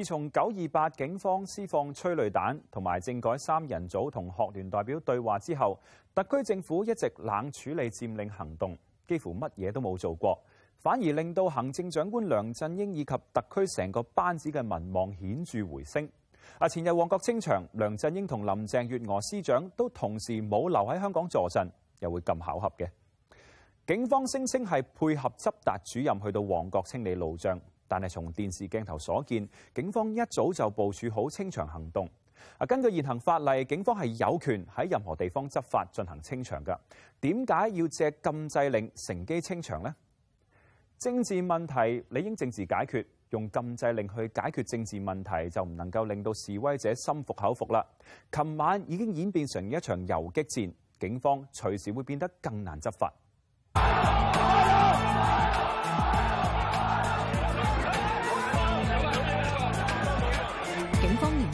自從九二八警方施放催淚彈同埋政改三人組同學聯代表對話之後，特區政府一直冷處理佔領行動，幾乎乜嘢都冇做過，反而令到行政長官梁振英以及特區成個班子嘅民望顯著回升。啊，前日旺角清場，梁振英同林鄭月娥司長都同時冇留喺香港助陣，又會咁巧合嘅？警方聲稱係配合執達主任去到旺角清理路障。但係從電視鏡頭所見，警方一早就部署好清場行動。根據現行法例，警方係有權喺任何地方執法進行清場嘅。點解要借禁制令乘機清場呢？政治問題理應政治解決，用禁制令去解決政治問題就唔能夠令到示威者心服口服啦。琴晚已經演變成一場遊擊戰，警方隨時會變得更難執法。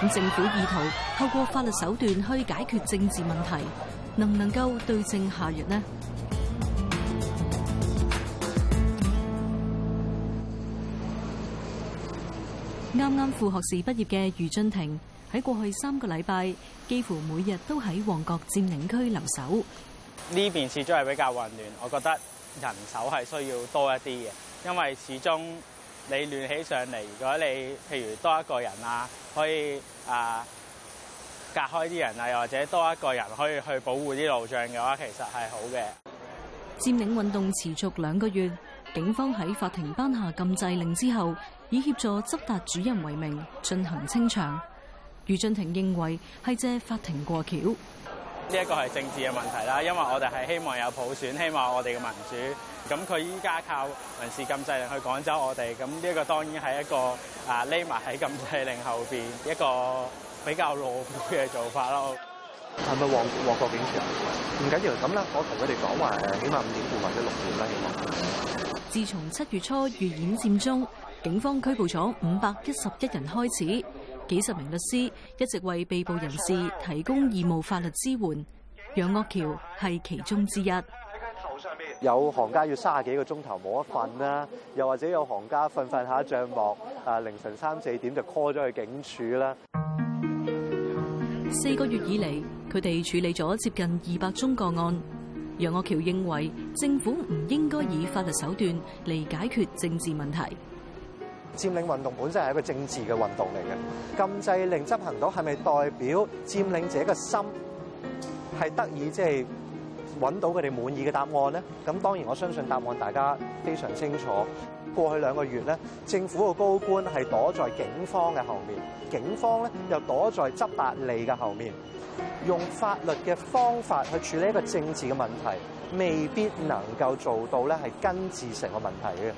咁政府意圖透過法律手段去解決政治問題，能唔能夠對症下藥呢？啱啱副學士畢業嘅余俊霆喺過去三個禮拜，幾乎每日都喺旺角佔領區留守。呢邊始終係比較混亂，我覺得人手係需要多一啲嘅，因為始終。你亂起上嚟，如果你譬如多一個人啊，可以啊隔開啲人啊，又或者多一個人可以去保護啲路障嘅話，其實係好嘅。佔領運動持續兩個月，警方喺法庭頒下禁制令之後，以協助執達主任為名進行清場。余俊廷認為係借法庭過橋。呢一個係政治嘅問題啦，因為我哋係希望有普選，希望我哋嘅民主。咁佢依家靠民事禁制令去趕走我哋，咁呢一個當然係一個啊匿埋喺禁制令後面一個比較懦夫嘅做法咯。係咪旺角警察？住唔緊要，咁啦，我同佢哋講話，起碼五點半或者六點啦，希望。自從七月初預演佔中，警方拘捕咗五百一十一人開始。幾十名律師一直為被捕人士提供義務法律支援，楊岳橋係其中之一。有行家要三十幾個鐘頭冇得瞓啦，又或者有行家瞓瞓下帳幕，啊凌晨三四點就 call 咗去警署啦。四個月以嚟，佢哋處理咗接近二百宗個案。楊岳橋認為，政府唔應該以法律手段嚟解決政治問題。佔領運動本身係一個政治嘅運動嚟嘅，禁制令執行到係咪代表佔領者嘅心係得以即係揾到佢哋滿意嘅答案咧？咁當然我相信答案大家非常清楚。過去兩個月咧，政府嘅高官係躲在警方嘅後面，警方咧又躲在執達吏嘅後面，用法律嘅方法去處理一個政治嘅問題，未必能夠做到咧係根治成個問題嘅。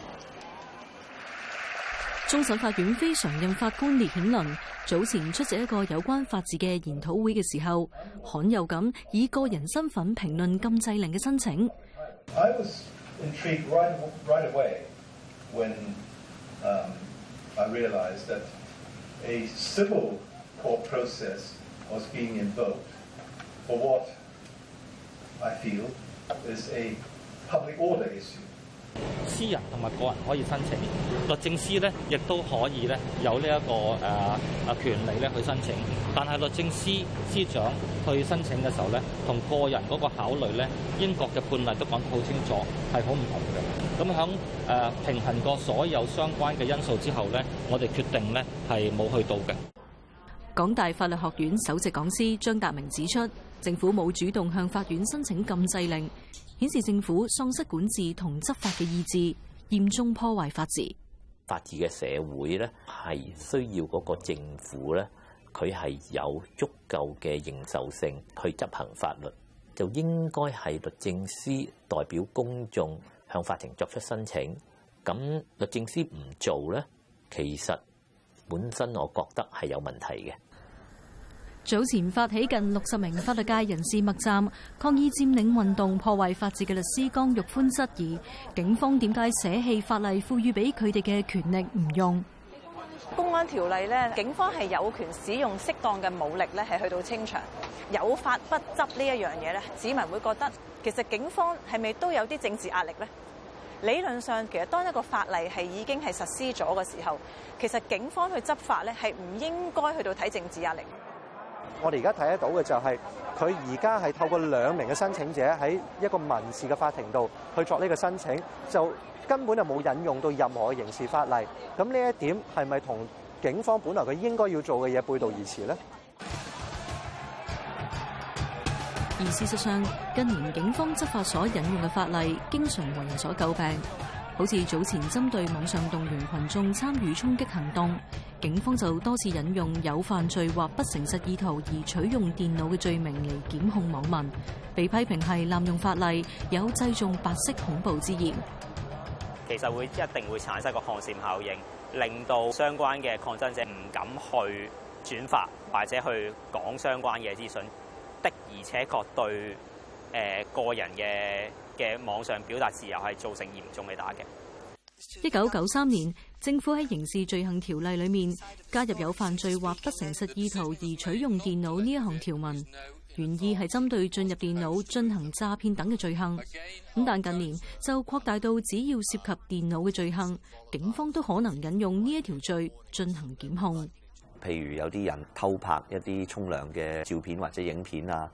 終審法院非常任法官烈顯倫早前出席一個有關法治嘅研討會嘅時候，罕有咁以個人身份評論禁制令嘅申請。私人同埋個人可以申請，律政司呢亦都可以呢有呢一個誒誒權利咧去申請，但係律政司司長去申請嘅時候呢，同個人嗰個考慮呢，英國嘅判例都講得好清楚，係好唔同嘅。咁響誒平衡過所有相關嘅因素之後呢，我哋決定呢係冇去到嘅。港大法律學院首席講師張達明指出，政府冇主動向法院申請禁制令，顯示政府喪失管治同執法嘅意志，嚴重破壞法治。法治嘅社會呢，係需要嗰個政府呢，佢係有足夠嘅認受性去執行法律，就應該係律政司代表公眾向法庭作出申請。咁律政司唔做呢，其實本身我覺得係有問題嘅。早前發起近六十名法律界人士默站抗議佔領運動破壞法治嘅律師江玉歡質疑警方點解捨棄法例賦予俾佢哋嘅權力唔用？公安條例呢，警方係有權使用適當嘅武力呢，係去到清場有法不執呢一樣嘢呢，市民會覺得其實警方係咪都有啲政治壓力呢？理論上，其實當一個法例係已經係實施咗嘅時候，其實警方去執法呢，係唔應該去到睇政治壓力。我哋而家睇得到嘅就係，佢而家係透過兩名嘅申請者喺一個民事嘅法庭度去作呢個申請，就根本就冇引用到任何嘅刑事法例。咁呢一點，係咪同警方本來佢應該要做嘅嘢背道而馳咧？而事實上，近年警方執法所引用嘅法例，經常為人所詬病。好似早前針對網上動員群眾參與衝擊行動，警方就多次引用有犯罪或不誠實意圖而取用電腦嘅罪名嚟檢控網民，被批評係濫用法例，有製造白色恐怖之嫌。其實會一定會產生個寒蟬效應，令到相關嘅抗爭者唔敢去轉發或者去講相關嘅資訊的，的而且確對個、呃、個人嘅嘅網上表達自由係造成嚴重嘅打擊。一九九三年，政府喺刑事罪行條例裏面加入有犯罪或不誠實意圖而取用電腦呢一項條文，原意係針對進入電腦進行詐騙等嘅罪行。咁但近年就擴大到只要涉及電腦嘅罪行，警方都可能引用呢一條罪進行檢控。譬如有啲人偷拍一啲沖涼嘅照片或者影片啊，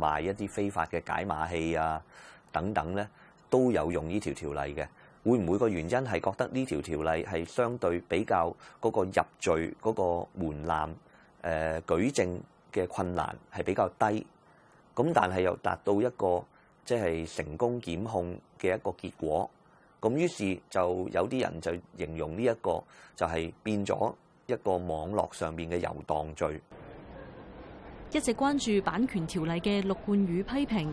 賣一啲非法嘅解碼器啊。等等咧，都有用呢條條例嘅，會唔會個原因係覺得呢條條例係相對比較嗰個入罪嗰、嗰個門檻誒、呃、舉證嘅困難，係比較低，咁但係又達到一個即係、即係、成功檢控嘅一個結果，咁於是就有啲人就形容呢一個就係變咗一個網絡上面嘅遊蕩罪。一直關注版權條例嘅陸冠宇批評。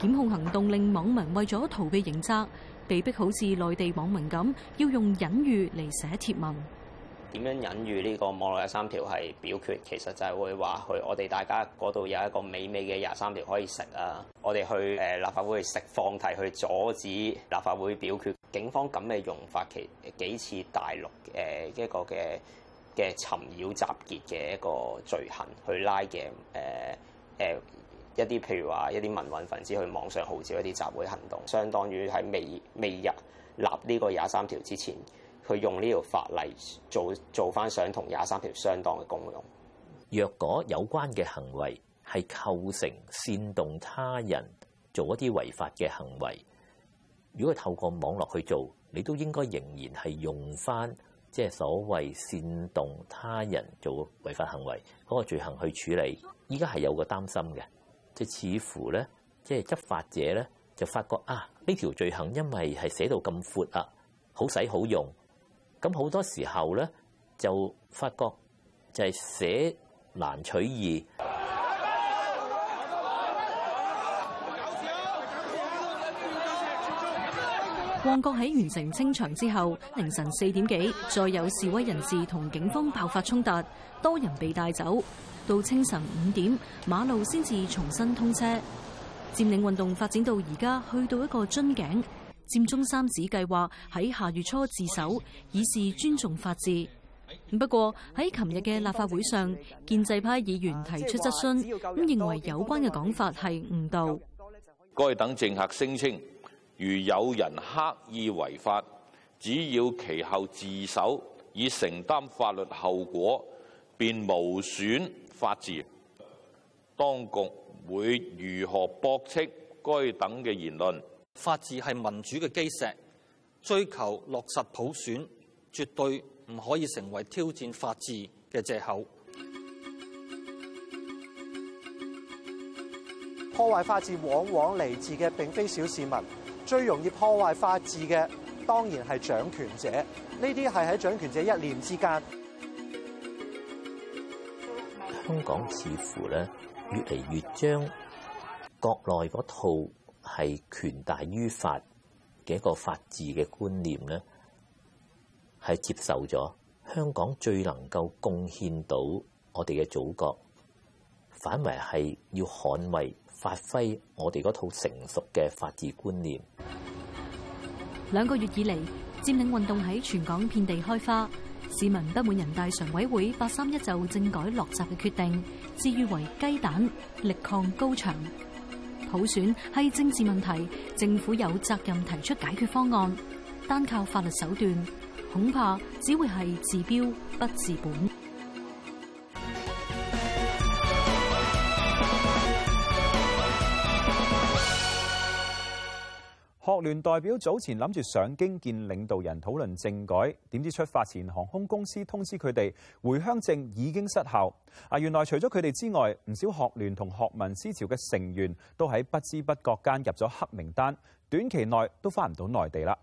檢控行動令網民為咗逃避刑責，被逼好似內地網民咁，要用隱喻嚟寫貼文。點樣隱喻呢個網絡廿三條係表決？其實就係會話去我哋大家嗰度有一個美美嘅廿三條可以食啊！我哋去誒立法會食放題去阻止立法會表決。警方咁嘅用法，其幾次大陸誒、呃、一個嘅嘅尋釁集結嘅一個罪行去拉嘅誒誒。呃呃一啲，譬如話，一啲民運分子去網上號召一啲集會行動，相當於喺未未入立呢個廿三條之前，佢用呢條法例做做翻，相同廿三條相當嘅功用。若果有關嘅行為係構成煽動他人做一啲違法嘅行為，如果透過網絡去做，你都應該仍然係用翻即係所謂煽動他人做違法行為嗰個罪行去處理。依家係有個擔心嘅。即似乎咧，即係執法者咧就發覺啊，呢條罪行因為係寫到咁闊啊，好使好用。咁好多時候咧就發覺就係捨難取易。旺角喺完成清場之後，凌晨四點幾再有示威人士同警方爆發衝突，多人被帶走。到清晨五點，馬路先至重新通車。佔領運動發展到而家去到一個樽頸，佔中三子計劃喺下月初自首，以示尊重法治。不過喺琴日嘅立法會上，建制派議員提出質詢，咁認為有關嘅講法係誤導。該等政客聲稱，如有人刻意違法，只要其後自首，以承擔法律後果。便無損法治，當局會如何駁斥該等嘅言論？法治係民主嘅基石，追求落實普選，絕對唔可以成為挑戰法治嘅藉口。破壞法治往往嚟自嘅並非小市民，最容易破壞法治嘅當然係掌權者。呢啲係喺掌權者一念之間。香港似乎咧越嚟越將國內嗰套係權大於法嘅一個法治嘅觀念咧，係接受咗。香港最能夠貢獻到我哋嘅祖國，反為係要捍衞、發揮我哋嗰套成熟嘅法治觀念。兩個月以嚟，佔領運動喺全港遍地開花。市民不滿人大常委會八三一就政改落閘嘅決定，自喻為雞蛋力抗高牆。普選係政治問題，政府有責任提出解決方案。單靠法律手段，恐怕只會係治標不治本。學聯代表早前諗住上京見領導人討論政改，點知出發前航空公司通知佢哋回鄉證已經失效。啊，原來除咗佢哋之外，唔少學聯同學民思潮嘅成員都喺不知不覺間入咗黑名單，短期內都返唔到內地啦。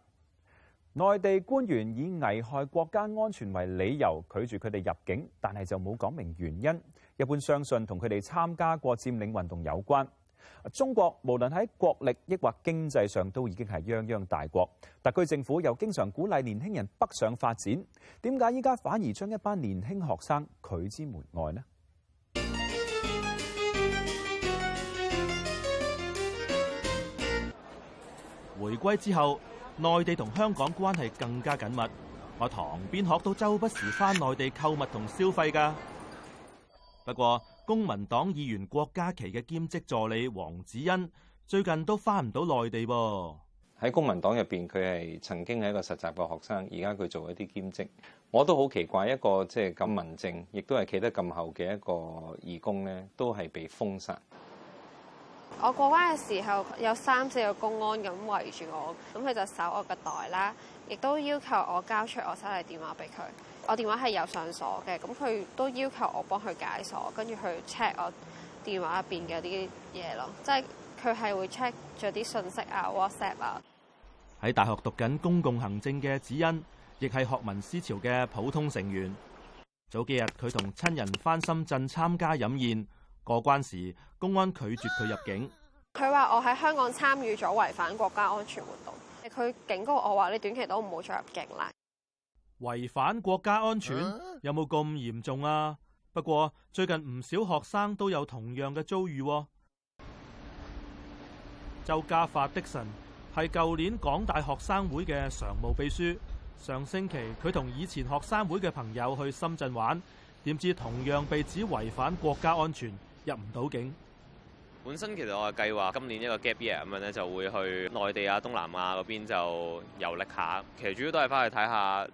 內地官員以危害國家安全為理由拒絕佢哋入境，但係就冇講明原因，一般相信同佢哋參加過佔領運動有關。中國無論喺國力抑或經濟上都已經係泱泱大國，特區政府又經常鼓勵年輕人北上發展，點解依家反而將一班年輕學生拒之門外呢？回歸之後，內地同香港關係更加緊密，我堂邊鶴都周不時返內地購物同消費㗎。不過，公民黨議員郭家麒嘅兼職助理黃子欣最近都翻唔到內地噃。喺公民黨入邊，佢係曾經係一個實習嘅學生，而家佢做一啲兼職。我都好奇怪，一個即係咁文靜，亦都係企得咁後嘅一個義工咧，都係被封殺。我過關嘅時候，有三四個公安咁圍住我，咁佢就搜我嘅袋啦，亦都要求我交出我手提電話俾佢。我電話係有上鎖嘅，咁佢都要求我幫佢解鎖，跟住去 check 我電話入邊嘅啲嘢咯，即係佢係會 check 咗啲信息啊、WhatsApp 啊。喺大學讀緊公共行政嘅子欣，亦係學民思潮嘅普通成員。早幾日佢同親人翻深圳參加飲宴，過關時公安拒絕佢入境。佢、啊、話：他說我喺香港參與咗違反國家安全活動，佢警告我話：我說你短期都唔好再入境啦。違反國家安全有冇咁嚴重啊？不過最近唔少學生都有同樣嘅遭遇。周嘉發的神係舊年港大學生會嘅常務秘書。上星期佢同以前學生會嘅朋友去深圳玩，點知同樣被指違反國家安全，入唔到境。本身其實我嘅計劃今年一個 gap year 咁樣咧，就會去內地啊、東南亞嗰邊就遊歷下。其實主要都係翻去睇下。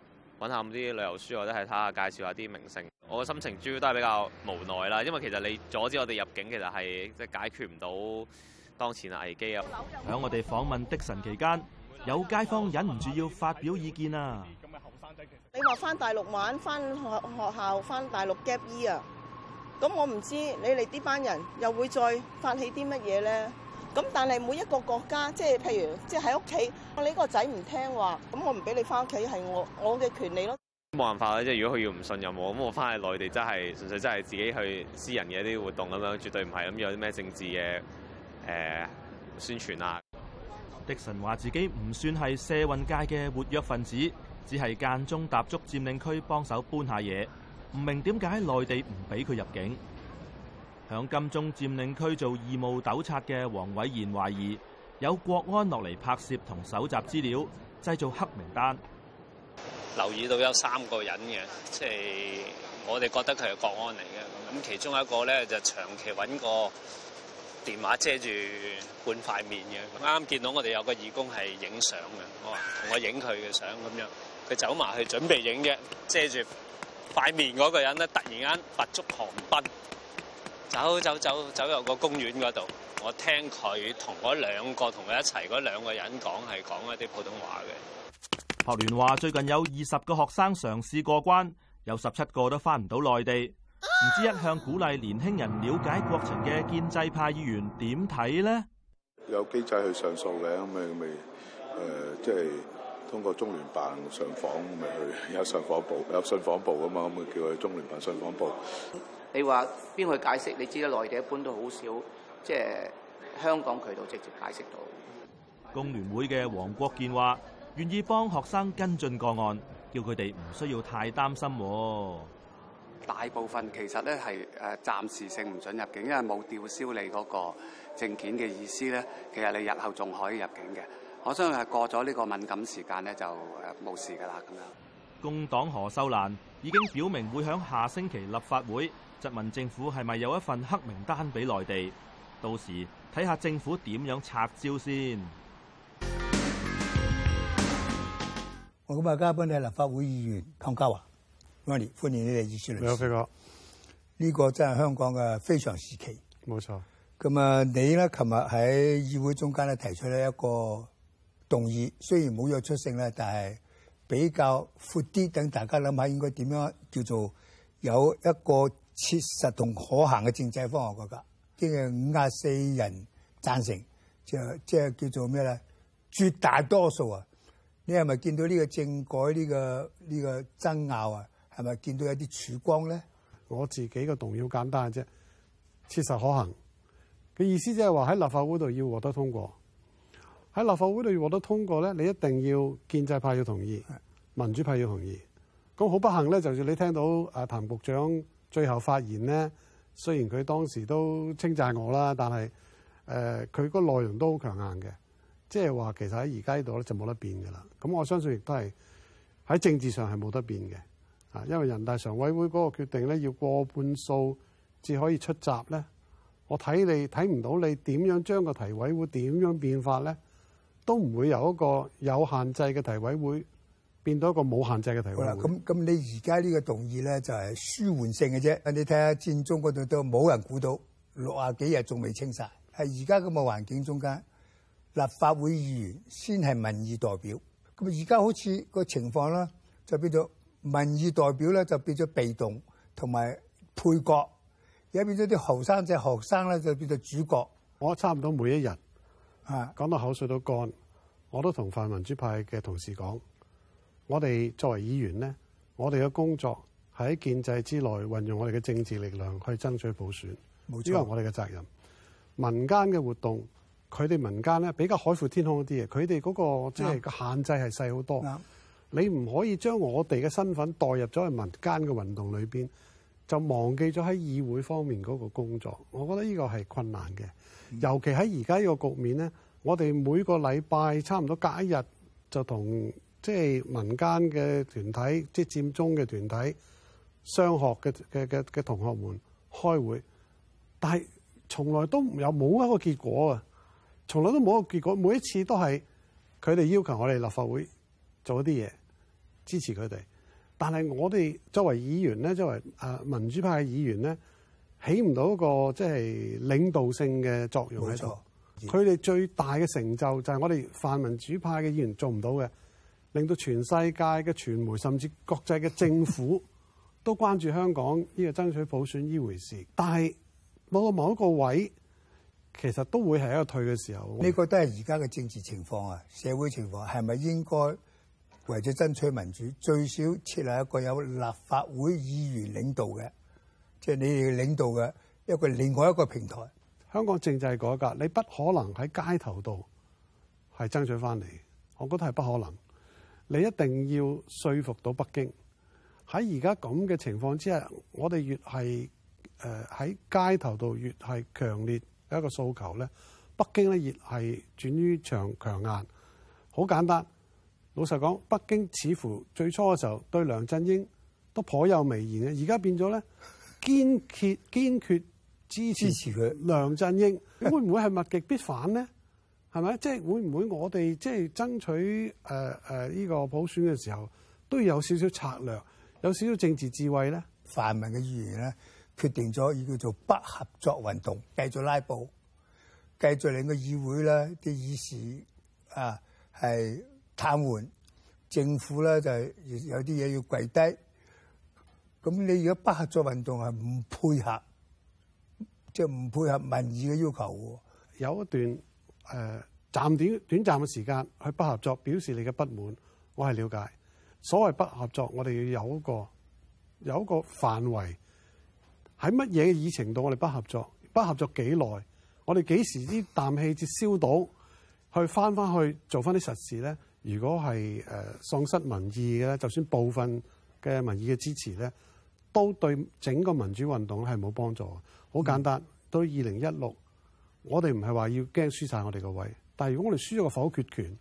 揾下啲旅遊書，或者係睇下介紹下啲明星。我嘅心情主要都係比較無奈啦，因為其實你阻止我哋入境，其實係即係解決唔到當前嘅危機啊。喺我哋訪問的神期間，有街坊忍唔住要發表意見啊。咁後生仔，你話翻大陸玩，翻學學校，翻大陸 gap year，啊、咁我唔知你哋呢班人又會再發起啲乜嘢咧？咁但係每一個國家，即係譬如在家裡，即係喺屋企，我呢個仔唔聽話，咁我唔俾你翻屋企，係我我嘅權利咯。冇辦法啦，即係如果佢要唔信任我，咁我翻去內地真係純粹真係自己去私人嘅啲活動咁樣，絕對唔係咁有啲咩政治嘅誒、呃、宣傳啊。狄臣話自己唔算係社運界嘅活躍分子，只係間中踏足佔領區幫手搬下嘢，唔明點解內地唔俾佢入境。響金鐘佔領區做義務糾察嘅黃偉賢懷疑有國安落嚟拍攝同搜集資料，製造黑名單。留意到有三個人嘅，即係我哋覺得佢係國安嚟嘅。咁其中一個咧就長期揾個電話遮住半塊面嘅，啱啱見到我哋有個義工係影相嘅，我話同我影佢嘅相咁樣，佢走埋去準備影嘅，遮住塊面嗰個人咧，突然間拔足狂奔。走走走走入個公園嗰度，我聽佢同嗰兩個同佢一齊嗰兩個人講，係講一啲普通話嘅。學聯話最近有二十個學生嘗試過關，有十七個都翻唔到內地。唔知一向鼓勵年輕人了解國情嘅建制派議員點睇呢？有機制去上訴嘅，咁咪咁咪誒，即係通過中聯辦上訪，咪去有上訪部有信訪部啊嘛，咁咪叫佢去中聯辦信訪部。.你話邊去解釋？你知道內地一般都好少，即係香港渠道直接解釋到。工聯會嘅黃國健話願意幫學生跟進個案，叫佢哋唔需要太擔心。大部分其實咧係誒暫時性唔準入境，因為冇吊銷你嗰個證件嘅意思咧，其實你日後仲可以入境嘅。我相信係過咗呢個敏感時間咧，就誒冇事㗎啦咁樣。工黨何秀蘭已經表明會響下星期立法會。質問政府係咪有一份黑名單俾內地？到時睇下政府點樣拆招先。我今日嘅嘉賓你咧，立法會議員湯家驊，歡迎你哋議事。你好，飛哥。呢個真係香港嘅非常時期。冇錯。咁啊，你咧，琴日喺議會中間咧提出咧一個動議，雖然冇約出聲咧，但係比較闊啲，等大家諗下應該點樣叫做有一個。切實同可行嘅政制方案嗰個，啲嘢五廿四人贊成，就即係叫做咩咧？絕大多數啊！你係咪見到呢個政改呢、呢個呢、呢個爭拗啊？係咪見到一啲曙光咧？我自己嘅動要簡單啫，切實可行嘅意思即係話喺立法會度要獲得通過，喺立法會度要獲得通過咧，你一定要建制派要同意，民主派要同意。咁好不幸咧，就住你聽到阿譚局長。最後發言咧，雖然佢當時都稱讚我啦，但係誒佢個內容都好強硬嘅，即係話其實喺而家呢度咧就冇得變嘅啦。咁我相信亦都係喺政治上係冇得變嘅，啊，因為人大常委會嗰個決定咧要過半數至可以出閘咧，我睇你睇唔到你點樣將個提委會點樣變法咧，都唔會有一個有限制嘅提委會。變到一個冇限制嘅提議。咁咁，你而家呢個動議咧，就係舒緩性嘅啫。你睇下戰中嗰度都冇人估到六啊幾日仲未清晒。係而家咁嘅環境中間，立法會議員先係民意代表。咁而家好似個情況咧，就變咗民意代表咧，就變咗被動同埋配角，而家變咗啲後生仔學生咧，就變咗主角。我差唔多每一日啊，講到口水都乾，我都同泛民主派嘅同事講。我哋作為議員咧，我哋嘅工作係喺建制之內運用我哋嘅政治力量去爭取普選，呢個係我哋嘅責任。民間嘅活動，佢哋民間咧比較海闊天空一啲嘢，佢哋嗰個即係個限制係細好多。嗯、你唔可以將我哋嘅身份代入咗去民間嘅運動裏邊，就忘記咗喺議會方面嗰個工作。我覺得呢個係困難嘅，尤其喺而家呢個局面咧，我哋每個禮拜差唔多隔一日就同，即、就、係、是、民間嘅團體，即係佔中嘅團體，商學嘅嘅嘅嘅同學們開會，但係從來都唔有冇一個結果啊！從來都冇一個結果，每一次都係佢哋要求我哋立法會做一啲嘢支持佢哋，但係我哋作為議員咧，作為誒民主派嘅議員咧，起唔到一個即係領導性嘅作用喺度。佢哋最大嘅成就就係我哋泛民主派嘅議員做唔到嘅。令到全世界嘅傳媒，甚至國際嘅政府都關注香港呢個爭取普選呢回事。但係某個某一個位，其實都會係一個退嘅時候。你覺得係而家嘅政治情況啊，社會情況係咪應該為咗爭取民主，最少設立一個有立法會議員領導嘅，即係你哋嘅領導嘅一個另外一個平台？香港政制改革，你不可能喺街頭度係爭取翻嚟，我覺得係不可能。你一定要說服到北京。喺而家咁嘅情況之下，我哋越係誒喺街頭度越係強烈嘅一個訴求咧，北京咧越係轉於強強硬。好簡單，老實講，北京似乎最初嘅時候對梁振英都頗有微言嘅，而家變咗咧堅決堅決支持佢。梁振英會唔會係物極必反咧？係咪？即係會唔會我哋即係爭取誒誒呢個普選嘅時候都要有少少策略，有少少政治智慧咧？泛民嘅議員咧決定咗，要叫做不合作運動，繼續拉布，繼續令個議會咧啲議事啊係癱瘓政府咧就係有啲嘢要跪低。咁你如果不合作運動係唔配合，即係唔配合民意嘅要求喎？有一段。誒、呃、暫短短暫嘅時間去不合作，表示你嘅不滿，我係了解。所謂不合作，我哋要有一個有一個範圍，喺乜嘢嘅議程度我哋不合作？不合作幾耐？我哋幾時啲啖氣接消到？去翻翻去做翻啲實事咧？如果係誒喪失民意嘅咧，就算部分嘅民意嘅支持咧，都對整個民主運動咧係冇幫助。好簡單，嗯、到二零一六。我哋唔係話要驚輸晒我哋個位，但係如果我哋輸咗個否決權，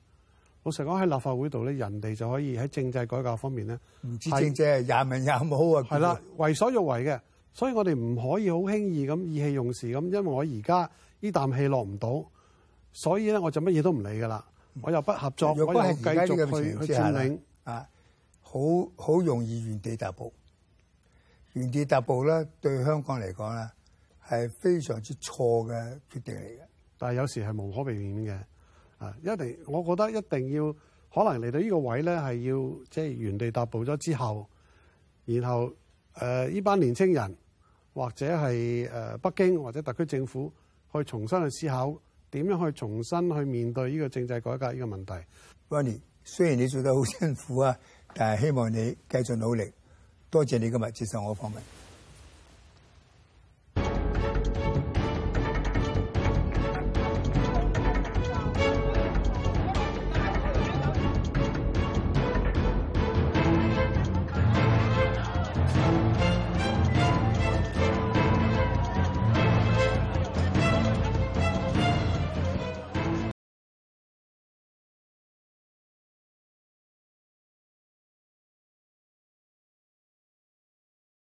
老實講喺立法會度咧，人哋就可以喺政制改革方面咧，知政者廿文廿好啊，係啦，為所欲為嘅，所以我哋唔可以好輕易咁意氣用事咁，因為我而家呢啖氣落唔到，所以咧我就乜嘢都唔理㗎喇，我又不合作，嗯、我又不如果我我繼續去去佔領啊，好好容易原地踏步，原地踏步咧對香港嚟講咧。係非常之錯嘅決定嚟嘅，但係有時係無可避免嘅。啊，一定，我覺得一定要，可能嚟到呢個位咧，係要即係原地踏步咗之後，然後誒呢班年青人或者係誒、呃、北京或者特區政府去重新去思考點樣去重新去面對呢個政制改革呢個問題。Ronny，雖然你做得好辛苦啊，但係希望你繼續努力。多謝你今日接受我嘅訪問。